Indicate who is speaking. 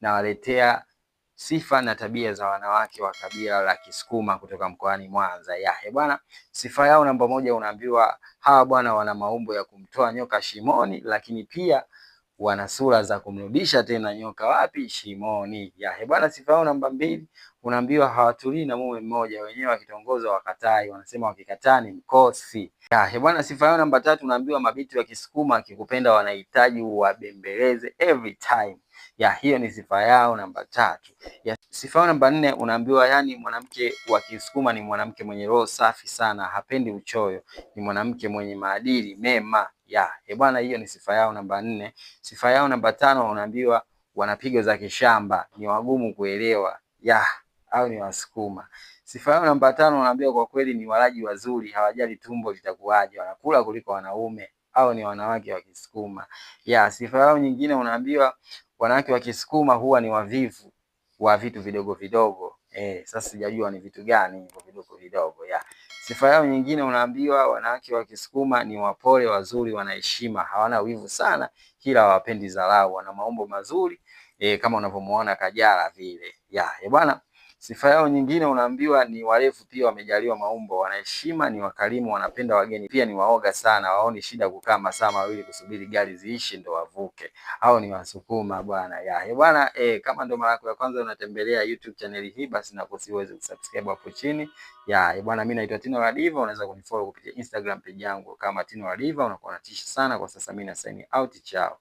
Speaker 1: nawaletea sifa na tabia za wanawake wa kabila la Kisukuma kutoka mkoani Mwanza. Yahe eh, bwana, sifa yao namba moja, unaambiwa hawa bwana wana maumbo ya kumtoa nyoka shimoni, lakini pia wana sura za kumrudisha tena nyoka wapi? Shimoni. Yahe eh, bwana, sifa yao namba mbili, unaambiwa hawatulii na mume mmoja, wenyewe wakitongozwa wakatai, wanasema wakikataa ni mkosi. Yahe eh, bwana, sifa yao namba tatu, unaambiwa mabinti wa Kisukuma akikupenda wanahitaji uwabembeleze every time ya hiyo ni sifa yao namba tatu. Ya sifa yao namba nne unaambiwa yani mwanamke wa Kisukuma ni mwanamke mwenye roho safi sana, hapendi uchoyo, ni mwanamke mwenye maadili mema. Ya e bwana, hiyo ni sifa yao namba nne. Sifa yao namba tano unaambiwa wanapiga za kishamba, ni wagumu kuelewa. Ya au ni Wasukuma. Sifa yao namba tano unaambiwa kwa kweli ni walaji wazuri, hawajali tumbo litakuwaje, wanakula kuliko wanaume au ni wanawake wa Kisukuma. Ya sifa yao nyingine unaambiwa wanawake wa Kisukuma huwa ni wavivu wa vitu vidogo vidogo. Eh, sasa sijajua ni vitu gani hivyo vidogo vidogo ya. Sifa yao nyingine unaambiwa wanawake wa Kisukuma ni wapole, wazuri, wanaheshima, hawana wivu sana, kila wapendi dharau, wana maumbo mazuri eh, kama unavyomuona Kajala vile. Ya, eh bwana Sifa yao nyingine unaambiwa ni warefu, pia wamejaliwa maumbo, wanaheshima, ni wakarimu, wanapenda wageni, pia ni waoga sana, waoni shida kukaa masaa mawili kusubiri gari ziishi ndo wavuke. Hao ni Wasukuma bwana ya bwana eh. Kama ndo mara yako ya kwanza unatembelea YouTube channel hii, basi nakusihi uweze kusubscribe hapo chini ya bwana. Mimi naitwa Tino Radiva, unaweza kunifollow kupitia Instagram page yangu kama Tino Radiva. Unakuwa natisha sana kwa sasa, mimi na sign out, chao.